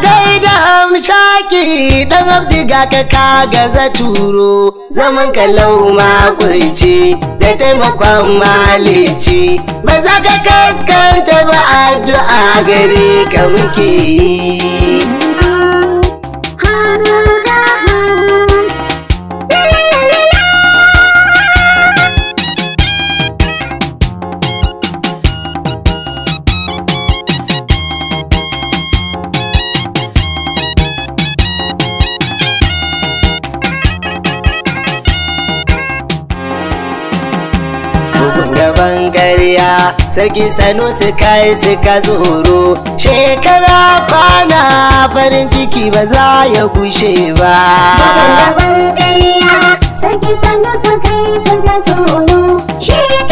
gaida hamshaki dan ga ka kaga za turo zaman kalau ma kurci da taimakon malici ba za ka kaskanta ba addu'a gare ka muke yi bangariya sarki sanu su kai suka zoro shekara kwana farin ciki ba za ya gushe ba sarki sanu su kai suka zoro shekara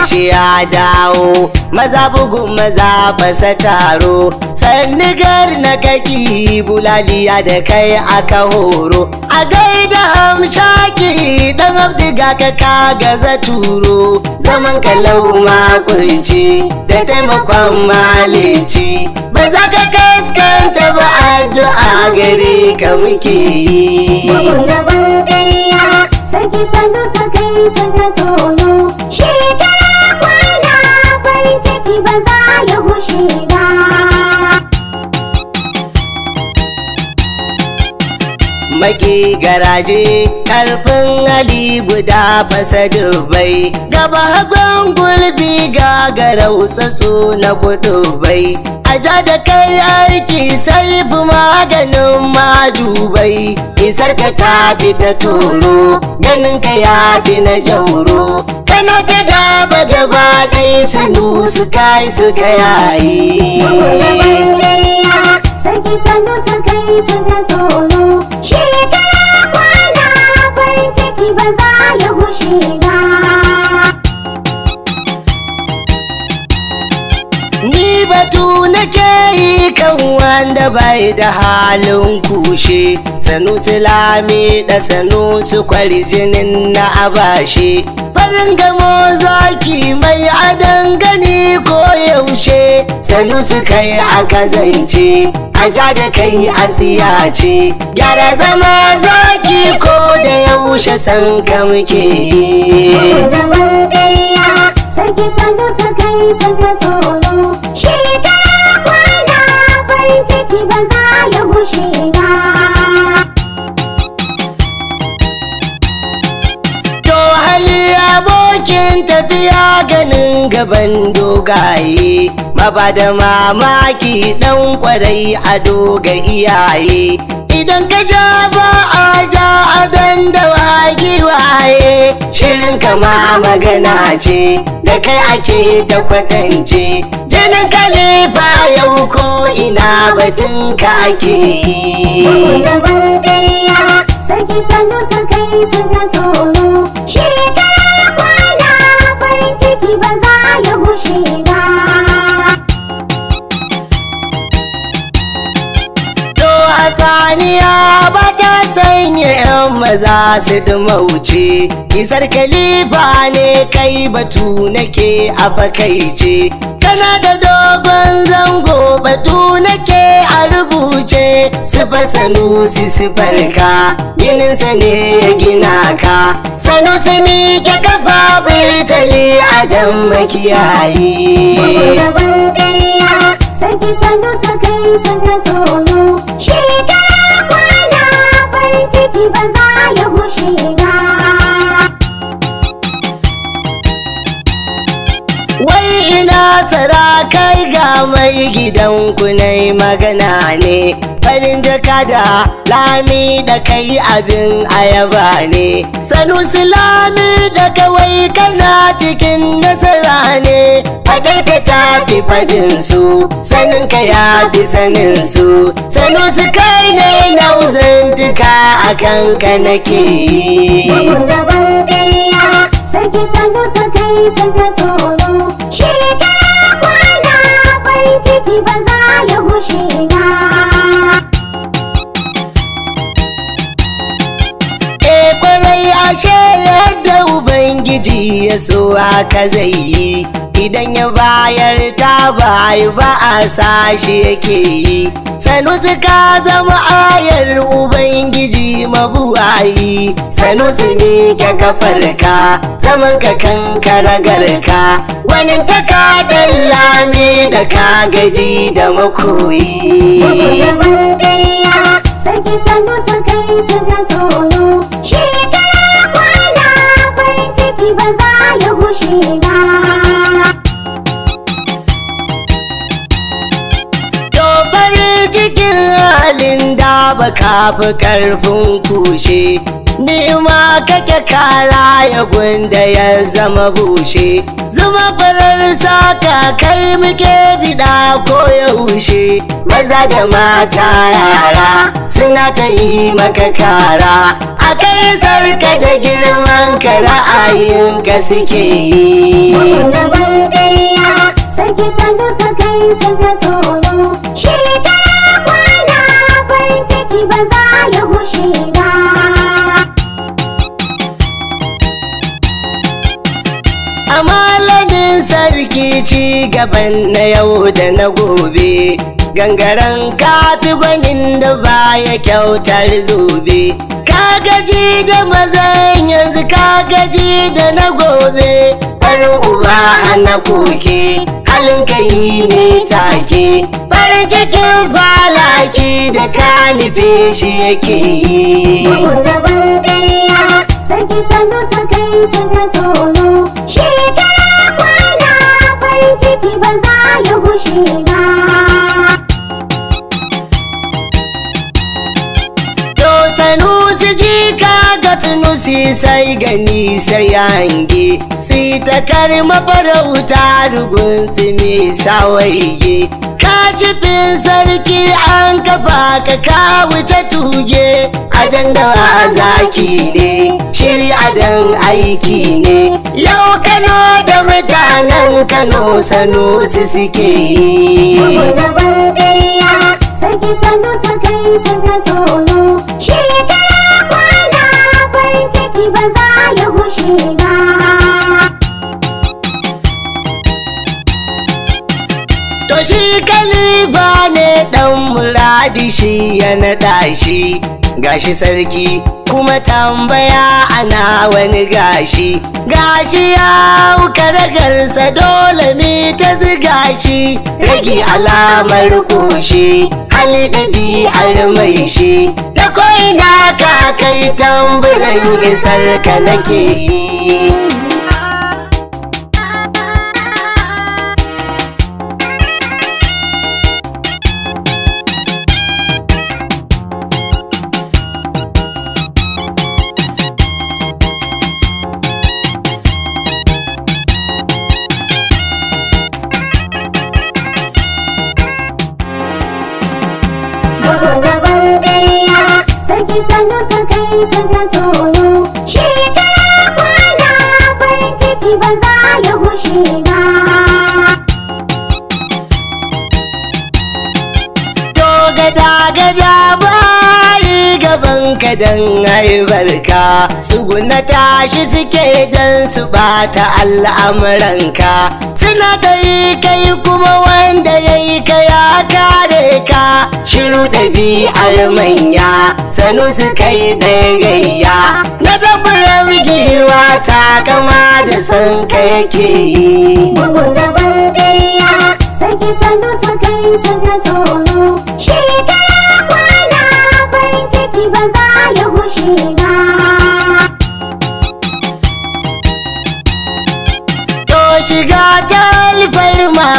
gashi ya dawo maza bugu maza basa taro sannigar na kaki bulaliya da kai aka horo a gaida amshaki dan abdiga ka kaga za turo zaman kalau kurci da taimakon malici ba za ka kaskanta ba addu'a gari ka muke yi sarki sanu sakai saka shekara Bye. maki garaje karfin ali guda fasa dubai gaba hagon gulbi ga garautsatsu na kudubai a ja da kai aiki sai fi maganin madubai isar ka ta fi ta turo ganin ka ya fi na jauro kana ta gaba gaba kai sanu su kai su yayi sarki sanu su yi su ga shekara kwana farin ciki ba za ya gushe ba ni batu nake yi kan wanda bai da halin kushe sanu su lami da sanu su kwari jinin na abashe farin gamo zaki mai adan gani ko yaushe sanu su kai aka zance a ja da kai a ce, gyara zama zaki ko da yaushe san ka muke sarki kai Abokin tafiya ganin gaban dogaye, ba da mamaki ɗan kwarai a doga iyaye. Idan ka ja ba a ja a dandawa giwaye, shirin kama magana ce, da kai ake da kwatance. Jinin kalifa yau ko ina batun ka ake yi. Sarki sanu kai tsoro, ba za su ɗumauce isar kalifa ne kai batu nake a fakaice kana da dogon zango batu nake a rubuce sifar sanusi sifar ka yininsa ne ya gina ka sanusi ke kafa burtali a dan makiyayi sarki kai ga mai gidanku nai magana ne farin jaka da lami da kai abin ayaba ne sanusi lami da kawai kana cikin nasara ne fadarka ta fi fadin su ka ya fi sanin su sanusi kai ne na uzantuka akan ka nake yi Waka zai yi idan ya bayar ta bayi ba a sashi yake yi sanusi ka zama ayar ubangiji mabuwayi sanusi ne ka kafarka zaman ka kan garka wani taka ne da ka gaji da makoyi Bye. sanusi halin da baka fi karfin kushe nima kake kara ya gunda ya zama bushe zuma farar saka kai muke bida ko ya maza da mata yara suna ta yi maka kara a kai sarka da girman ka ra'ayin ka suke yi sarki sanda sakai tsoro ba za sarki ci gaban na yau da na gobe gangaren banin da baya kyautar zobe ka gaji da mazan yanzu ka gaji da na gobe uba na koke alkai ne take farin cikin falaki da ka nufe shi yake yi daban ƙarya sarki sanu su kai suna tsoro shekara kwana farin ciki ba za ya gushe ba sai gani sai yange sai ta karma farauta rubun su mai sawaye ka sarki an kafa ka ka wuce tuge A da zaki ne shiri dan aiki ne Yau kano da mutanen kano sanu su suke yi sarki sanu su kai shekara sarki ya gushe ba to shi kaliba ne ɗan muradi shi ya naɗa shi gashi sarki kuma tambaya ana wani gashi gashi ya ragarsa dole ne ta ziga shi rage alamar kushi hali ɗabi'ar mai shi ta ko'ina ka kai tamburan isar ka nake yi ka albarka su tashi suke dan su bata al'amuranka suna ta kai kuma wanda yayi yi ka ya kare ka shiru ɗabi'ar manya sanu su kai gayya, na damurar giwa ta kama da san kai ke yi bugun sanu su kai su tsoro shiga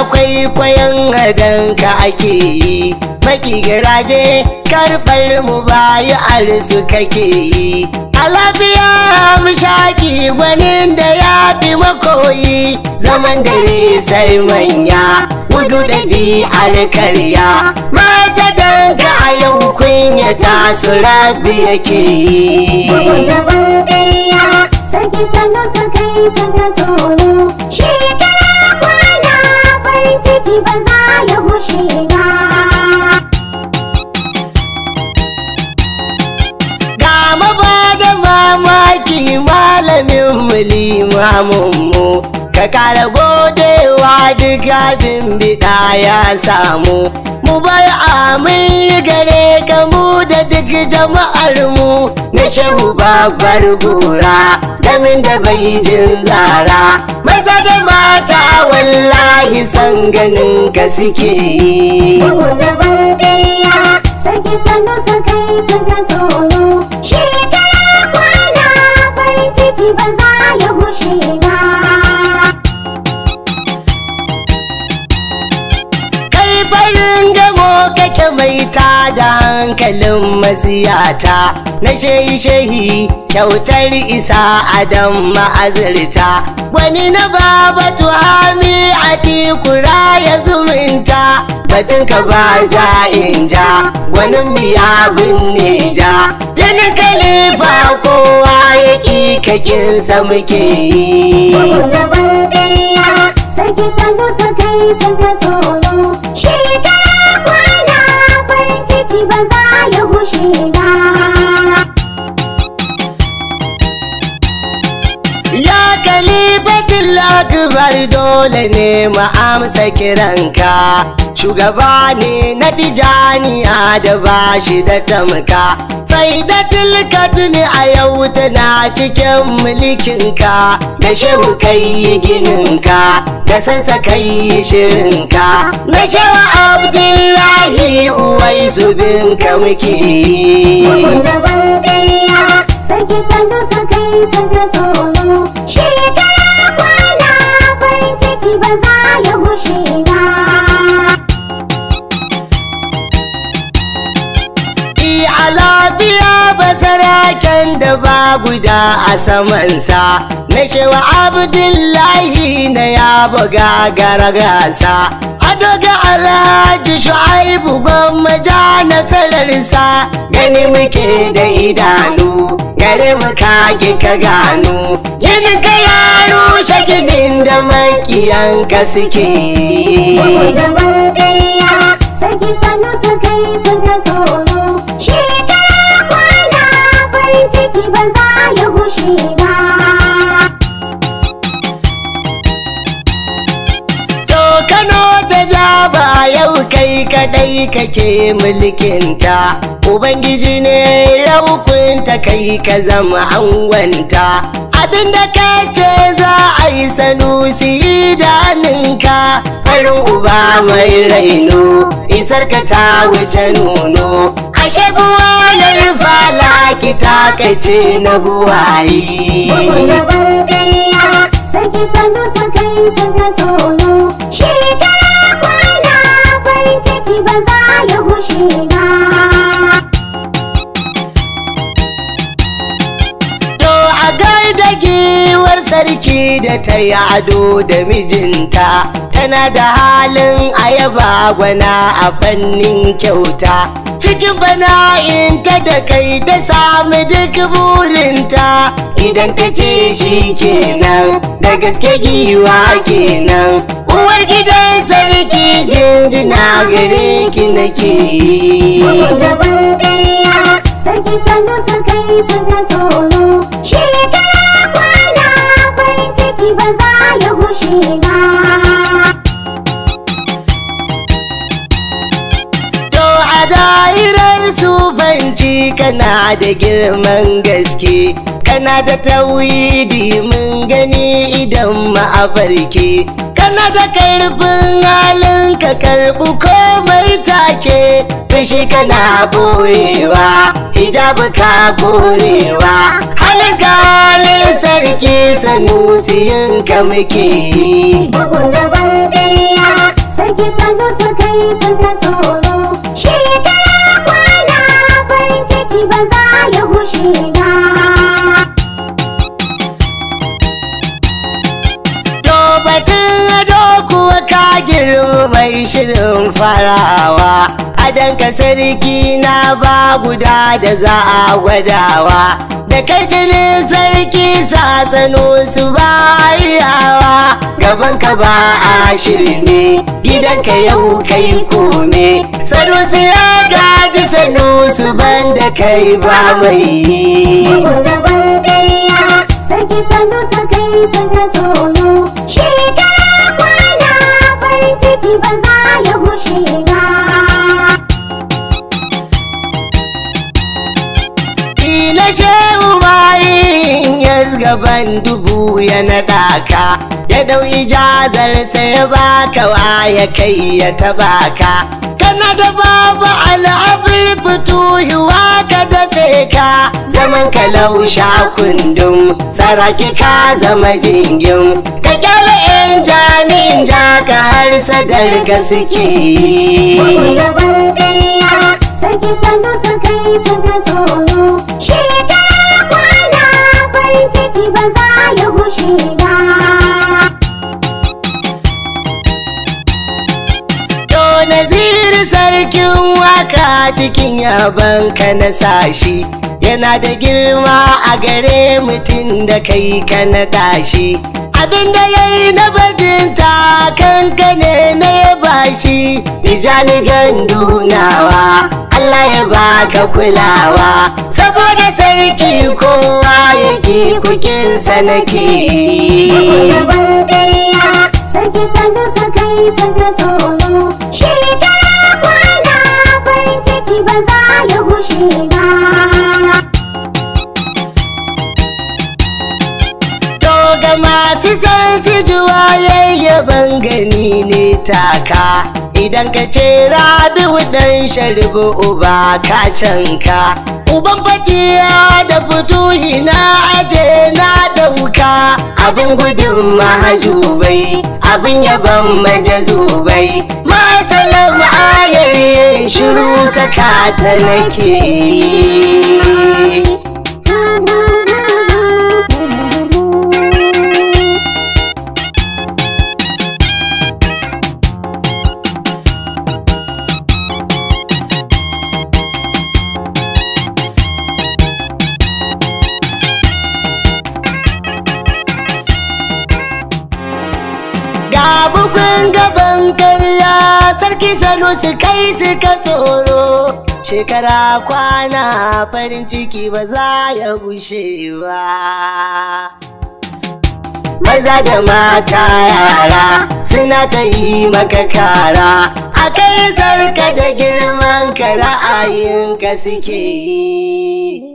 Akwai kwaikwayon adanka ake yi maki garaje karɓar mu bayi arzu kake yi a lafiya mushaki gwanin da ya fi makoyi zaman dare sai manya gudu da bi alkarya mata danka a yau kunya ta su rabi yake yi sarki sanu su kai sanu shi farin ciki ba ya gushe ba ga maba da mamaki malamin mu limamin mu ka kara godewa gadin bida ya samu mu bar amai gare ka mu da duk jama'ar mu na shehu babbar gora gamin da bai jin zara maza da mata wallahi san ganin ka suke yi sarki sanu su kai su tsoro yake maita da hankalin maziyata na shehi-shehi kyautar isa adam ma'azirta wani na babatu tuhami a tikura ya zumunta batun ka ba ja in ja wani miya binne ja jini kalifa kowa ya ƙi kakin sa muke yi sarki kai tsoro 知道。akbar dole ne mu amsa kiranka shugaba ne na tijaniya da bashi da tamka faidatul ne a yau tana cikin mulkinka da shehu kai yi gininka da sansa kai yi shirinka na shewa abdullahi uwai zubinka muke yi sarki sanda su kai sanda su ba guda a samansa na shewa abdullahi na ya buga garagasa ado alhaji shu'aibu gwamma ja nasararsa gani muke da idanu gare mu ka gano ginin ka yaro shagidin da makiyanka suke da sarki sanu su kai suka so kai kadai kake mulkinta ubangiji ne ya hukunta kai ka zama angwanta abinda ka ce za a yi sanusi idaninka farin uba mai raino isar ka ta wuce nono ashe ya fala ki ta kace na buwayi sarki kai shekara farin ciki ba za ya ba to a gaida giwar sarki da ta yi ado da mijinta tana da halin ayaba gwana a fannin kyauta cikin bana'inta da kai da sami duk burinta idan ta ce shi kenan da gaske giwa kenan uwar gidan sarki jinjina gare ki nake gaban ƙarya sarki salo suka yi tsoro shekara kwana farin ciki ba za ya gushe ba to a da'irar sufanci kana da girman gaske kana da tawidi mun gani idan ma a farke kana da karfin halin ka karɓi komai take fishi kana burewa hijabu ka burewa halga halin sarki sanusiyin ka muke bugun gaban ƙarya sarki sanusi kai suka so shirin farawa ka sarki na ba guda da za a gwadawa da kai jinin sarki sasano su ba yawa ka ba a shiri ne ka yau kai kome su ya gaji su ban da kai ba mai yi sarki su kai sun daban dubu ya naɗa ka ya jazar sai ya baka waya kai ya taba ka kana da babu al'abul hiwa waka da ka zaman ka lausha kundum saraki ka zama jingin ka in ja nin ja ka har sadar ga suke sarki kai tsoro naziri sarkin waka cikin na sashi yana da girma a gare mutum da kai ka na tashi abinda ya yi na bajinta kankane ne na yaba shi tijani gandunawa Allah ya baka kulawa saboda sarki kowa yake kukin sa nake sarki sanda saka yi saka tsoro shekara kwana farin ciki ba za ya gushe ba masu san su juwa yayyaban gani ne taka idan ka ce rabi'u dan sharbu uba ka canka uban fatiya da fituhi na aje na dauka abin gudun mahajubai abin yaban majazubai masalam ayar shiru saka ta nake gaban gaban sarki salo su kai suka tsoro shekara kwana farin ciki ba za ya gushe ba maza da mata yara suna ta yi maka kara a kai sarka da girman ka ra'ayinka suke yi